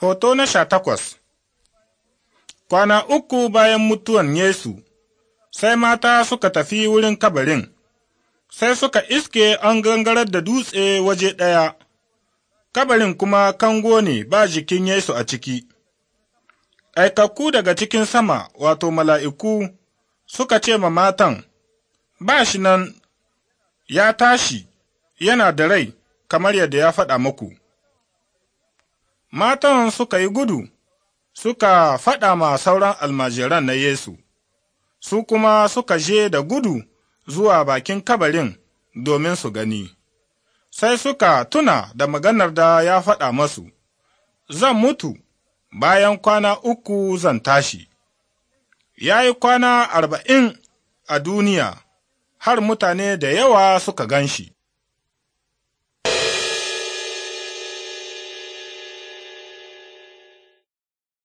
Hoto na sha takwas Kwana uku bayan mutuwan Yesu, sai mata suka tafi wurin kabarin, sai suka iske an gangarar da dutse waje ɗaya, kabarin kuma kango ne ba jikin Yesu a ciki. Aikakku daga cikin sama, wato mala'iku, suka ce ma matan, Ba shi nan ya tashi, yana da rai, kamar yadda ya faɗa muku. Matan suka yi gudu, suka faɗa ma sauran almajiran na Yesu, su kuma suka je da gudu zuwa bakin kabarin domin su gani. Sai suka tuna da maganar da ya faɗa masu, Zan mutu, bayan kwana uku zan tashi. Ya yi kwana arba'in a duniya, har mutane da yawa suka gan shi.